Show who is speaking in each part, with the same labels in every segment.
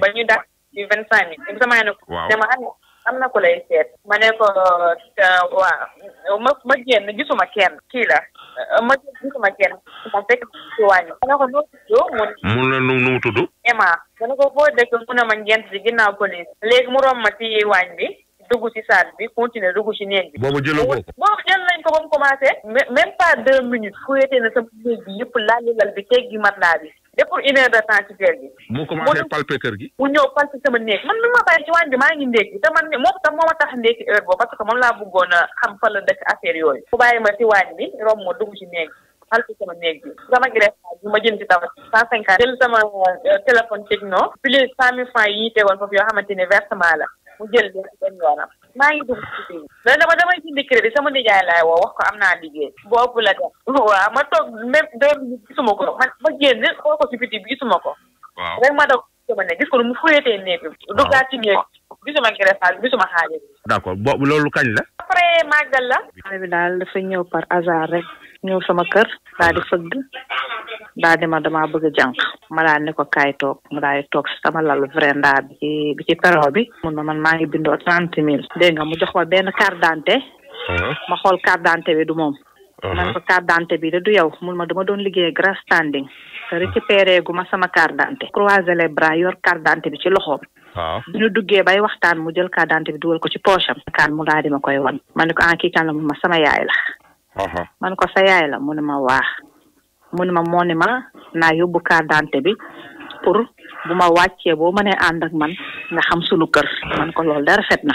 Speaker 1: ba ñu dàq ci vingt cinq mille sama ne ko dama am am na ko lay seet ma ne ko euh, waaw ma ma génn gisuma kenn kii la euh, ma génn gisuma kenn ma fekk ci wàññi ma ne ko noo tudd mu mun ma ne ko foo dëkk mu ne ma ngent ci ginnaaw police léegi mu romb ma ci waañ bi dugg ci salle bi continuer dugg ci néeg bi boobu jëloo jël nañ ko ba mu commencé même pas deux minutes fuyete na sama néeg bi yëpp laal lal bi teggi matelas bi deful une heure de temps ci gi.
Speaker 2: mu commencé palper kër gi.
Speaker 1: mu ñëw palper sama néeg man mi ma bàyyi ci waañ bi maa ngi ndékki te man moom tam moo ma tax ndékki heure boobu parce que moom laa bëggoon a xam fa la dëkk affaire yooyu. bu bàyyi ma ci waañ bi romb ma dugg ci néeg palper sama néeg bi sama greffage bi ma jënd ci taw cent cinquante jël sama euh, téléphone techno. plus cent mille francs yi ñu tegoon foofu yoo xamante ne versement la mu jël benn yoonam. maa ngi dugg ci biir mais dama damay jënd crédit sama nijaay laay woo wax ko am naa liggéey boobu la def waaw ma toog même deux minutes gisuma ko man ma génn xoo ko ci biti bi gisuma ko rek ma daw sama ne gis ko nu mu fóoyatee néeg bi duggaat ci néeg gisuma greffage gisuma xaalis
Speaker 2: d'accord boobu loolu kañ la
Speaker 3: après màggal la xale bi daal dafa ñëw par hasard rek ñëw sama kër daal di fëgg daal di ma damaa bëgg a jànq ma daal ne ko kaay toog ma daal toog si sama lalu vrenda bi ci bi ci peron bi mun ma man maa ngi bindoo trente mille dégg nga mu jox ma benn carte dante
Speaker 4: uh-huh.
Speaker 3: ma xool carte dante bi du moom
Speaker 4: uh-huh. man ko
Speaker 3: carte dante bi de du yow mun ma dama doon liggéey grass standing te récupéré gu ma sama kar d'identité croiser les bras yor carte d'identité bi ci loxoom waaw bi ñu duggee bay waxtaan mu jël carte d'identité bi dugal ko ci poosam. kaan mu daal di ma koy wan. ne ko ah ma sama yaay la. man ko sa yaay la mu ne ma waax mu ne ma moo ne ma naa yóbbu carte d'identité bi pour bu ma wàccee boo mënee ànd ak man nga xam sunu kër man ko loolu dara rafet na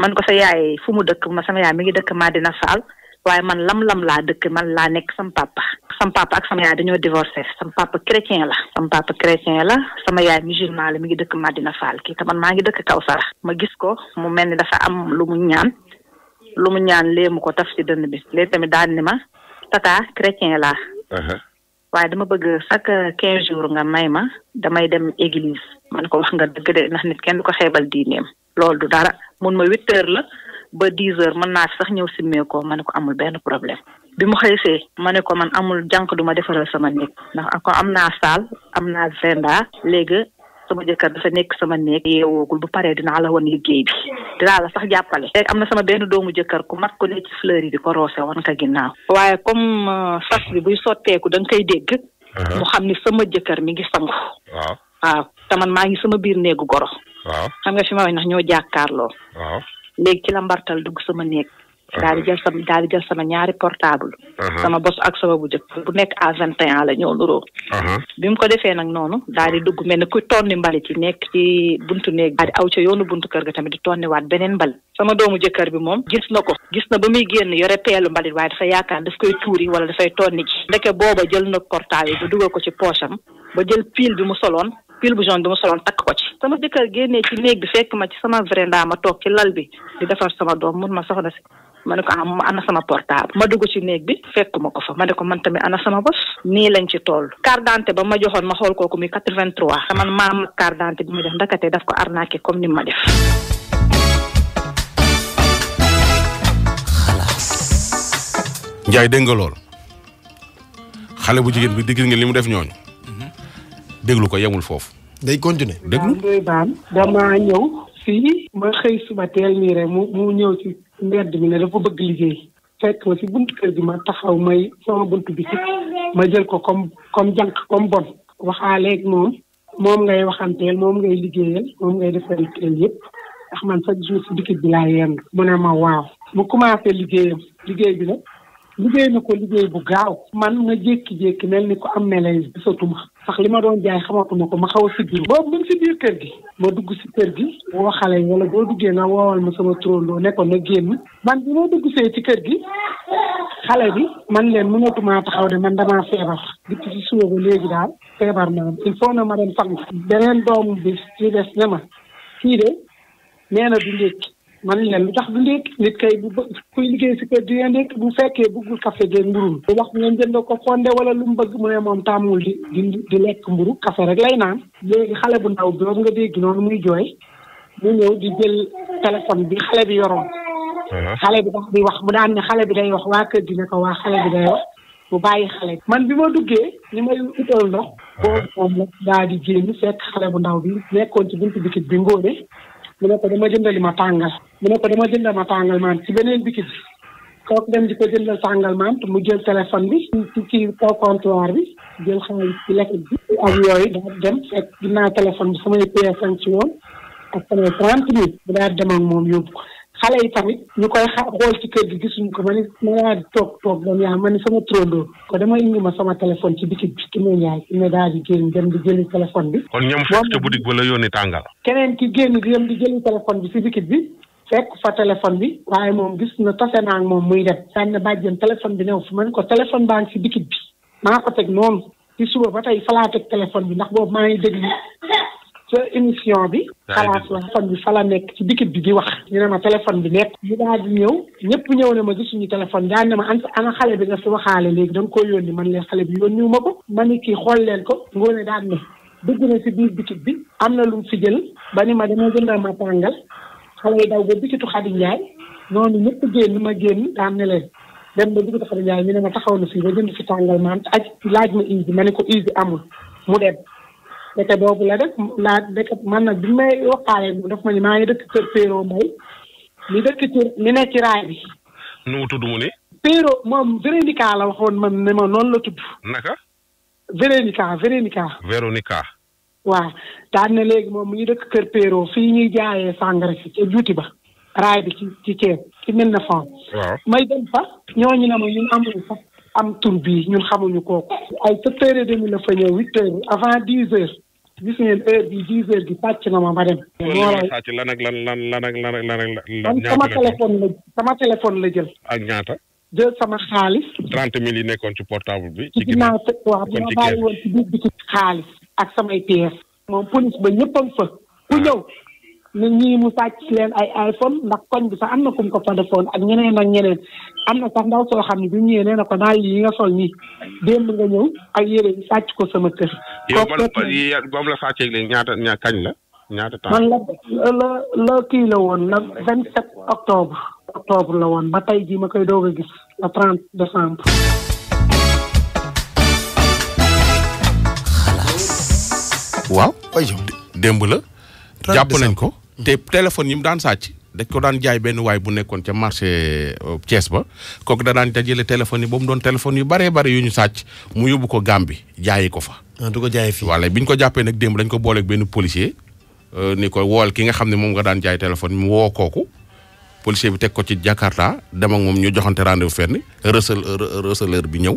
Speaker 3: man ko sa yaay fu mu dëkk ma sama yaay mi ngi dëkk Madina Fall waaye man lam-lam laa dëkk man laa nekk sam papa sam papa ak sama yaay dañoo divorcé sam papa chrétien la sam papa chrétien la sama yaay mi musulman le mi ngi dëkk Madina Fall kii te man maa ngi dëkk Kawsara ma gis ko mu mel ni dafa am lu ñaan lu mu ñaan ko taf ci dënn bi léegi tamit daan ni ma chrétien laa uh-huh. waaye dama bëgg chaque quinze jours nga may ma damay dem église man ko wax nga dëgg de ndax nit kenn du ko xeebal diineem loolu du dara mun ma huit heures la ba dix heures mën naa sax ñëw simmee ko ma ne ko amul benn problème bi mu xëysee ma ne ko man amul jànq du ma defaral sama néeg ndax am naa saal am naa venda léegi sama jëkkër dafa nekk sama nekk yeewoogul bu paree dinaa la wan liggéey bi dinaa la sax jàppale te am na sama benn doomu jëkkër ku mag ko ne ci fleur yi di ko roose wan ka ginnaaw waaye comme euh, sas bi buy sotteeku da nga koy dégg
Speaker 4: uh-huh. mu
Speaker 3: xam ni sama jëkkër mi ngi sangu waaw waaw maa ngi sama biir néegu goro waaw xam nga fi ma wax ndax ñoo jàkkaarloo waaw ci la mbartal dugg sama néeg daal di uh-huh. jël sama daal di jël sama ñaari portable. Uh-huh. sama bos ak sama bu jëkk bu nekk à vingt et un la ñoo nuroo. Uh-huh. bi mu ko defee nag noonu daal di dugg mel ne kuy tonni mbalit yi nekk ci buntu néeg daal aw yoonu buntu kër ga tamit di tonniwaat beneen mbalit. sama doomu jëkkër bi moom gis na ko gis na ba muy génn yore peelu mbalit waaye dafa yaakaar daf koy tuuri wala dafay tonni ci ndeke booba jël na portable bi dugal ko ci poche am ba jël pile bi mu soloon pile bu jaune bi mu soloon takk ko ci. sama jëkkër génnee ci néeg bi fekk ma ci sama véranda a toog ci lal bi di defar sama doom mun ma soxna si ma ne ko ah, ana sama portable ma dugg ci néeg bi fekkuma ko fa ma ko man tamit ana sama bos nii lañ ci toll carte d'identité ba ma joxoon ma xool kooku muy 83 man maam carte d'identité bi ma def ndakate daf ko arnaqué comme ni ma def
Speaker 2: njaay dégg lool xale bu jigéen bi nga def ko
Speaker 4: day continuer dama ñëw fii ma xëy suba teel nii mu ci mbedd mi ne dafa bëgg liggéey fekk ma si bunt kër gi ma taxaw may sama bunt bi ma jël ko comme comme jànq comme bon waxaaleeg moom moom ngay waxanteel moom ngay liggéeyal moom ngay defal teel yëpp ndax man chaque jour si dikit bi laa yenn mu ne ma waaw mu commencé liggéeyam liggéey bi nag liggéey na ko liggéey bu gaaw man ma jékki-jékki mel ni ko am malaise gisatuma sax li ma doon jaay xamatuma ko ma xaw a boobu mu si kër gi ma dugg si kër gi woo xale yi wala boo duggee nga woowal ma sama turandoo nekkoon na génn man bi ma dugg see ci kër gi xale bi man leen mënatumaa taxaw de man damaa feebar depuis si suba ba léegi daal feebar naa il faut na ma dem fang beneen doom bi ci des ne ma kii de neena na du ndékki man leen lu tax du ndékk nit kay bu bë kuy liggéey si kër dina ndékk bu fekkee bëggul café de mburum bu wax ngeen jënd ko fonde wala lu mu bëgg mu ne moom tàmmul di di di lekk mburu café rek lay naan léegi xale bu ndaw boobu nga dégg noonu muy jooy mu ñëw di jël téléphone bi xale bi yoroon uh-huh. xale bi dax bi wax mu daan ne xale bi day wax waa kër gi ne ko waa xale bi day wax bu bàyyi xale man bi ma duggee ni may utal ndox uh-huh. boobu moom la daa di génn fekk xale bu ndaw bi nekkoon ci buntu bikit bi ngóone mu ne ko dama jëndali ma tàngal mu ne ko dama jëndal ma tàngal maam ci beneen bitik kooku dem di ko jëndal tàngal maam te mu jël téléphone bi kii ci kaw comptoir bi jël xaalis ci lekk bi ak yooyu daal dem fekk ginnaaw téléphone bi samay PS5 ci woon ak samay trente mille bu daal dem moom yóbbu xale yi tamit ñu koy xool ci kër gi gisuñu ko ma ni ma laa di toog toog ba yaa ah, ma ni sama tróndóor ko dama indi ma sama téléphone ci bitik bi ki may yaay ki génn dem bi kon
Speaker 2: ñoom fekk ca boutique tàngal
Speaker 4: keneen ki génn dem di bi ci bi fekk fa téléphone bi waaye moom gis na tase naa moom muy dem daan na bàjjen téléphone bi new fu ma ne ko téléphone baa ngi ci bitik bi maa ko teg noonu ci suba ba tey falaa teg téléphone bi ndax boobu maa ngi déglu ca émission bi. xalaat la téléphone bi fa la nekk ci dikit bi di wax. ñu ne ma téléphone bi nekk. ñu daal di ñëw ñëpp ñëw ne ma gisuñu téléphone daan ne ma ana xale bi nga fi waxaale léegi da nga koy yónni man leen xale bi yónniwu ma ko. ma ni kii xool leen ko. ngoone daan ne dugg na si biir dikit bi. am na lu mu fi jël. ba ni ma dama jëndal ma tàngal. xale yi daw ba dikitu Xadi Njaay. noonu ñëpp génn ma génn daan ne leen. dem ba dikitu Xadi Njaay ñu ne ma taxaw na fi ba jënd fi tàngal ma am aj laaj ma indi ma ne ko indi amul mu dem dëkk boobu la def laa man nag bi may waxtaale daf ma ni maa ngi dëkk kër Péro Mbaye mi dëkk ci mi nekk raay bi.
Speaker 2: nu mu tudd mu ne.
Speaker 4: Péro moom Véronica la waxoon man ne ma noonu la tudd. naka. Véronica Véronica. Véronica. waaw daan na léegi moom mu ngi dëkk kër Péro fii ñuy jaayee sàngara si ca juuti ba. raay bi ci ci Thiès ci mel na fan. may dem fa ñooñu ne ma ñun amuñu fa. am tur bi ñun xamuñu kooku. ay sept heures et demie la fa ñëw huit heures avant dix heures. gis ngeen heure bi dix heures bi tàcc na ma ma dem. loolay
Speaker 2: lan ak lan lan lan ak lan lan lan sama téléphone
Speaker 4: la sama téléphone la jël. ak ñaata. jël sama xaalis. trente mille yi nekkoon ci portable bi. ci ginnaaw waaw bi ma bàyyi woon ci biir bi ci xaalis. ak samay pièces. moom police ba ñëppam fa. ku ah. ñëw. ne ñii mu sàcc leen ay iPhone ndax koñ bi sax am na kum ko fa defoon ak ñeneen ak ñeneen am na sax ndaw soo xam ne bi ñëwee nee na ko daal yi nga sol nii démb nga ñëw ak yére sàcc ko sama kër. yow
Speaker 2: man la sàcceeg léegi ñaata ña kañ la ñaata temps. man
Speaker 4: la la woon ba tey jii ma koy doog a gis le
Speaker 2: waaw. démb la. jàpp nañ ko. te téléphone yi mu daan sàcc dañ ko daan jaay benn waay bu nekkoon ca marché euh, Thiès ba kooku da daan jële téléphone yi ba mu doon téléphone yu baree bari yu ñu sàcc mu yóbbu ko Gàmbi jaayi ko fa. Ah, du ko jaayee fii walla bi ñu ko jàppee nag démb dañ ko booleeg benn policier euh, ni ko wool ki nga xam ne moom nga daan jaay téléphone mu woo kooku. policier bi teg ko ci Jakarta dem ak moom ñu joxante rendez-vous fenn recel bi ñëw.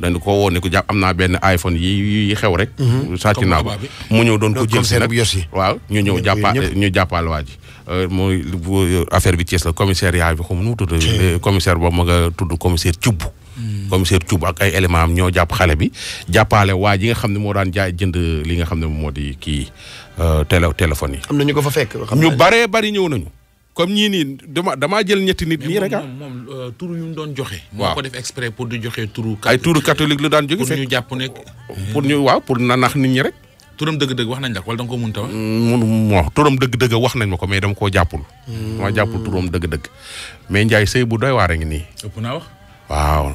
Speaker 2: dañu ko woo ko jàpp am naa benn iPhone yi xew rek. Mhm. sàcc naa ko mu ñëw doon ko jël si nag waaw ñu ñëw jàppa ñu jàppaal waa ji. Euh, mooy euh, affaire bi Thiès la commissariat bi xam nu mu tudd. Euh, commissaire boobu ma nga tudd commissaire Thioub. Hmm. commissaire Thioub ak ay éléments am ñoo jàpp xale bi jàppale waa ji nga xam ne moo daan jaay jënd li nga xam ne moo di kii télé téléphone yi. am na ñu ko fa fekk. ñu baree bari ñëw nañu. comme ñii nii dama damaa jël ñetti nit. nii rek ah moom euh, tur yu mu doon joxe. waaw moo ko def exprès pour di joxe turu. ay turu catholique lu daan jóge pour ñu jàpp ne. pour ñu waaw pour nanax nit ñi rek. turam dëgg-dëgg wax nañ la wala da nga ko mënta wax. Mm, mun turam dëgg-dëgg wax nañ ma ko mais dama koo jàppul. Mm. dama jàppul turam Wow. dëgg mais Ndiaye sëy bu doy waar a ngi ëpp naa wax waaw.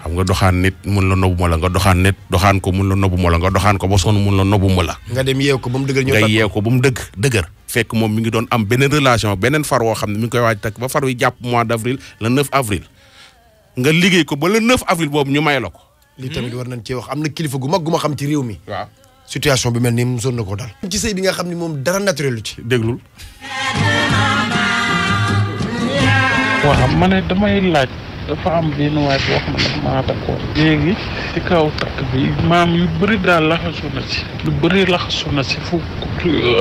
Speaker 2: xam nga doxaan nit mun la nobbu ma la nga doxaan nit doxaan ko mun la nobbu ma la nga doxaan ko ba sonn mun dem yeew ko ba mu dëgër dëgg dëgër. fekk moom mi ngi doon am beneen relation beneen far woo xam ne mi ngi koy waaj takk ba far wi jàpp mois d' avril le avril nga liggéey ko ba le 9 avril boobu ñu may la ko. lii tamit war nañ cee wax am na kilifa gu mag gu xam ci réew mi. waaw situation bi mel ni mosoon na koo dal. ci sëy bi xam ne moom dara
Speaker 5: ne damay laaj dafa am benn waay boo ma ne dafa maa takkoon léegi ci kaw takk bi maam yu bëri daal laxasu na ci lu bëri laxasu na si fu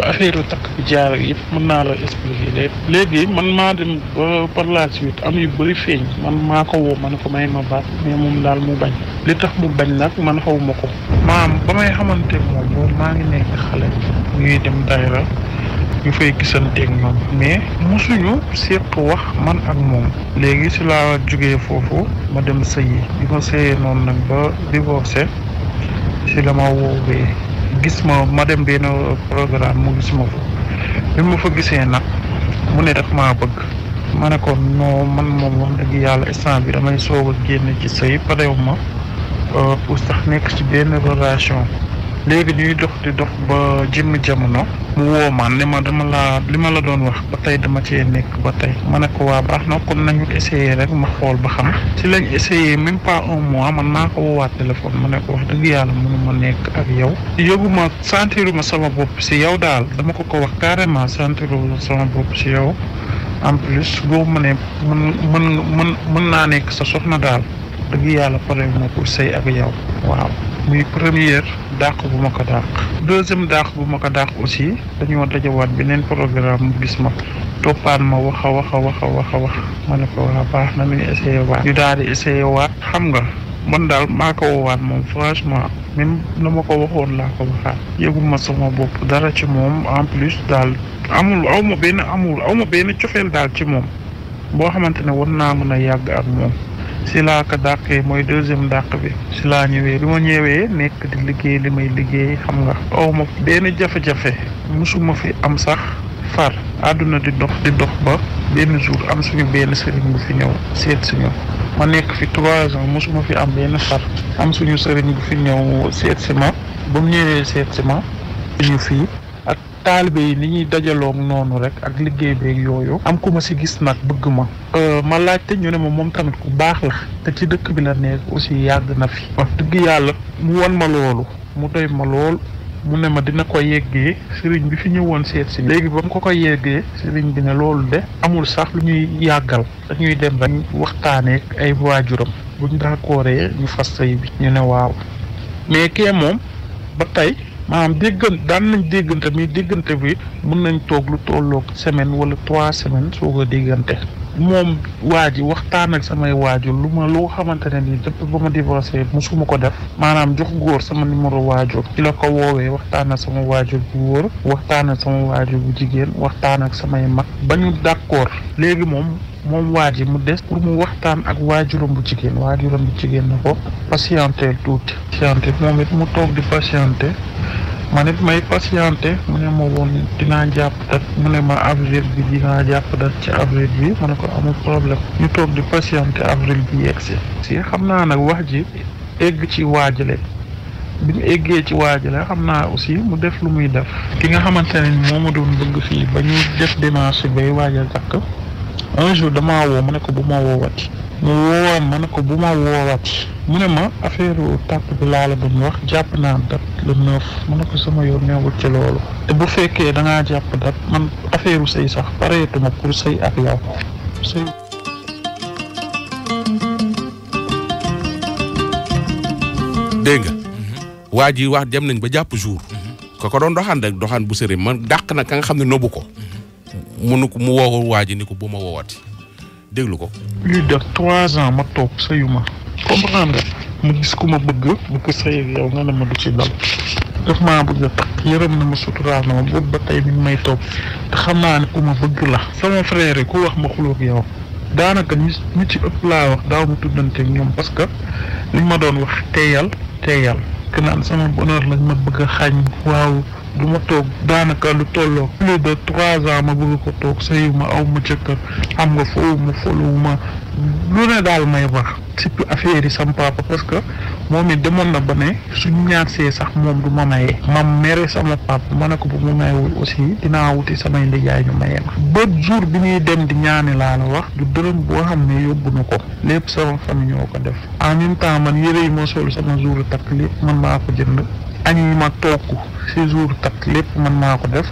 Speaker 5: affaire takk bi jaar yëpp mën naa la expliquer de léegi man maa dem ba par la am yu bëri feeñ man maa ko woo ma ne ko may ma baax mais moom daal mu bañ li tax mu bañ nag man xaw ma ko maam ba may xamante moom boobu maa ngi nekk xale ñuy dem daayra ñu fay gisanteeg ñoom mais mosuñu séq wax man ak moom léegi si laa jógee foofu ma dem yi bi ma sëyee noonu nag ba divorcé si la ma woowee gis ma ma dem benn programme mu gis ma fa bi ma fa gisee nag mu ne daf maa bëgg ma ne ko non man moom wax dëgg yàlla instant bi damay soog a génn ci sëy pareew ma euh, pour sax nekk ci benn relation léegi ñuy dox di dox ba jëmm jamono mu woo ma ne ma dama laa li ma la doon wax ba tey dama cee nekk ba tey ma ne ko waa baax na kon nañu essayé rek ma xool ba xam ci lañ essayé même pas un mois man maa ko woowaat téléphone ma ne ko wax dëgg yàlla mënu ma nekk ak yow yóbbuma sentiruma sama bopp si yow daal dama ko ko wax carrément sentiruma sama bopp si yow en plus boo ma ne mën mën mën mën naa nekk sa soxna daal dëgg yàlla pare ma pour sëy ak yow waaw muy première dàq bu ma ko dàq deuxième dàq bu ma ko dàq aussi dañoo dajawaat beneen programme mu gis ma toppaan ma wax a wax a wax a wax a wax ma ne ko waa baax na mi ngi essayé waat ñu daal di essayé waat xam nga man daal maa ko woowaat moom franchement même na ma ko waxoon laa ko waxaat yëgul ma sama bopp dara ci moom en plus daal amul aw ma benn amul aw ma benn cofeel daal ci moom boo xamante ne war naa mën a yàgg ak moom si laa ko dàqee mooy deuxième dàq bi si laa ñëwee bi ma ñëwee nekk di liggéey li may liggéey xam nga aw ma benn jafe-jafe musuma fi am sax far àdduna di dox di dox ba benn jour am suñu benn sëriñ bu fi ñëw seet suñu ma nekk fi trois ans mosuma fi am benn far am suñu sëriñ bu fi ñëw seet si ma ba ñëwee seet si ma ñu fii taalibe yi ni ñuy dajaloo noonu rek ak liggéey beeg yooyu am ku ma ci gis nag bëgg ma euh, ma laajte ñu ne ma moom tamit ku baax la te ci dëkk bi la nekk aussi yàgg na fi yàlla mu won ma loolu mu doy ma lool mu ne ma dina ko yeggee sëriñ bi fi ñëwoon seet si léegi ba mu ko ko yeggee sëriñ bi ne loolu de amul sax lu ñuy yàggal dañuy dem rek waxtaanee ay waajuram buñ daakooree ñu fas sëy bi ñu ne waaw mais kee moom ba tey maanaam déggan daan nañ déggante mi déggante bi mën nañ toog lu tolloog semaine wala trois semaines soog a déggante moom waa ji waxtaan ak samay waajur lu ma loo xamante ne nii depuis ba ma divorcé musuma ko def maanaam jox góor sama numéro waajur ci la ko woowee waxtaan ak sama waajur bu góor waxtaan ak sama waajur bu jigéen waxtaan ak samay mag ba ñu d'accord léegi moom moom waa ji mu des pour mu waxtaan ak waajuram bu jigéen waajuram bu jigéen na ko patientel tuuti patienté moom it mu toog di patienté man it may patienté mu ne ma woon dinaa jàpp dat mu ne ma avril bi dinaa jàpp dat ci avril bi ma ne ko amul problème ñu toog di patienté avril bi yeggsi si xam naa nag wax ji egg ci waajale bi mu eggee ci waajale xam naa aussi mu def lu muy def ki nga xamante ne moo ma doon bëgg fii ba ñu def démarche bay waajal takk un jour damaa woo ko bu ma woowati mu woowoon ma ko bu ma woowati mu ma affaire tàpp bi laa la wax dat le neuf mu ko sama yoon neewul ci loolu te bu fekkee da ngaa jàpp dat man affaire sëy sax pareetuma pour sëy ak yow sëy
Speaker 2: dégg wax dem nañ ba jour mhm. ko ko rek bu man na ka nga nobu ko mhm. munu ko mu woo waa ji ni ko bu ma woowati déglu ko.
Speaker 5: luy def trois ans ma toog sëyuma comprendre nga mu gis ku ma bëgg bu ko sëyeeg yow nga ne ma du ci dal daf maa bëgg a takk yërëm na ma suturaal na ma boobu ba tey bi ngi may toog te xam naa ne ku ma bëgg la. sama frère yi ku wax ma xuloog yow daanaka ñi ñi ci ëpp laa wax daaw ma tuddante ñoom parce que li ma doon wax teeyal teeyal que naan sama bonheur lañ ma bëgg a xañ waaw. du ma toog daanaka lu tolloo plus de trois ans ma bëgg ko toog sayu ma aw ma jëkkër xam nga foowu ma folowu ma lu ne daal may wax surtout affaire yi sam papa parce que moom it demoon na ba ne suñ see sax moom du ma maye ma mere sama papa ma ne ko bu mu mayewul aussi dinaa wuti samay ndijaay ñu maye ma ba jour bi ñuy dem di ñaani laa la wax du dërëm boo xam ne yóbbu na ko lépp sama famille ñoo ko def en même temps man yére yi ma sol sama jour takk lépp man maa ko jënd añ ma togg si jour takk lépp man maa ko def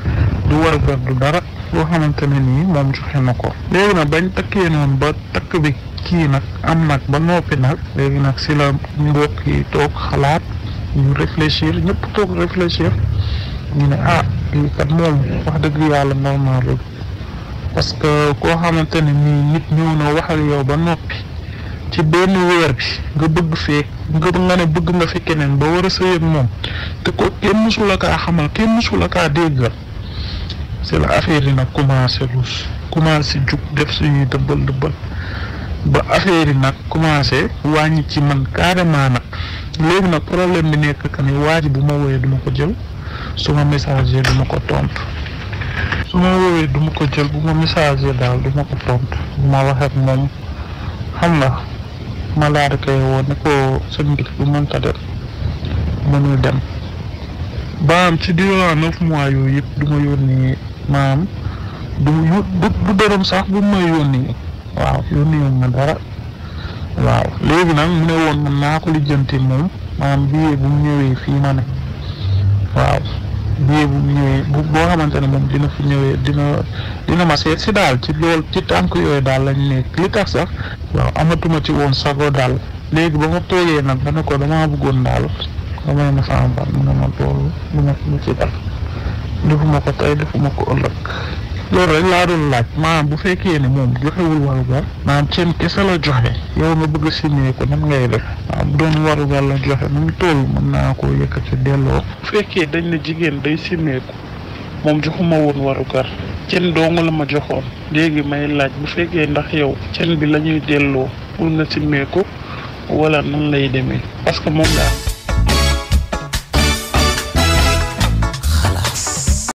Speaker 5: du war gar du dara loo xamante ne nii moom joxe na ko léegi nag bañ takkee noonu ba takk bi kii nag am nag ba noppi nag léegi nag si la mbokk yi toog xalaat ñu réfléchir ñëpp toog réfléchir ñu ne ah lii kat moom wax dëgg yàlla normalul parce que koo xamante ne nii nit ñëw na wax ak yow ba noppi ci benn weer bi nga bëgg fee bëgg nga ne bëgg nga fi keneen ba war a sëyeeg moom te ko kenn mësul a kaa xamal kenn mësul a kaa déggal c'est la affaire yi nag commencé luus commencé jug def suñuy dëbbal dëbbal ba affaire yi nag commencé wàññi ci man carrément nag léegi nag problème bi nekk que ni waa ji bu ma wooyee ma ko jël su ma messager duma ko tontu su ma wooyee duma ko jël bu ma messager daal duma ko tontu bu ma waxee moom xam nga. ma daal di koy woo ne ko sëñ mënta dem mënul dem baam ci durant neuf mois yooyu yëpp du ma yónni maam du du du dërëm sax bu ma yónni waaw yónni woon ma dara waaw léegi nag mu ne woon mën naa ko lijjanti moom maam bii bu mu ñëwee fii ma ne. bii bu ñëwee boo xamante ne moom dina fi ñëwee dina dina ma seet si daal ci lool ci tànk yooyu daal lañ nekk li tax sax waaw amatuma ci woon sago daal léegi ba ma toogee nag ba ne ko damaa bëggoon daal nga may ma sàmbar mu ne ma loolu lu ma ci dal defuma ko tey defuma ko ëllëg loolu rek laa doon laaj maanaam bu fekkee ne moom joxewul warugar maanaam seen kese la joxe yow nga bëgg a signé ko nan ngay def maanaam doon warugar la joxe nu mu toll mën naa koo yëkkati delloo bu fekkee dañ ne jigéen day simmeeku ko moom joxuma woon warugar cen doongu la ma joxoon léegi may laaj bu fekkee ndax yow cen bi la ñuy delloo pour nga simmee ko wala nan lay demee parce que moom daal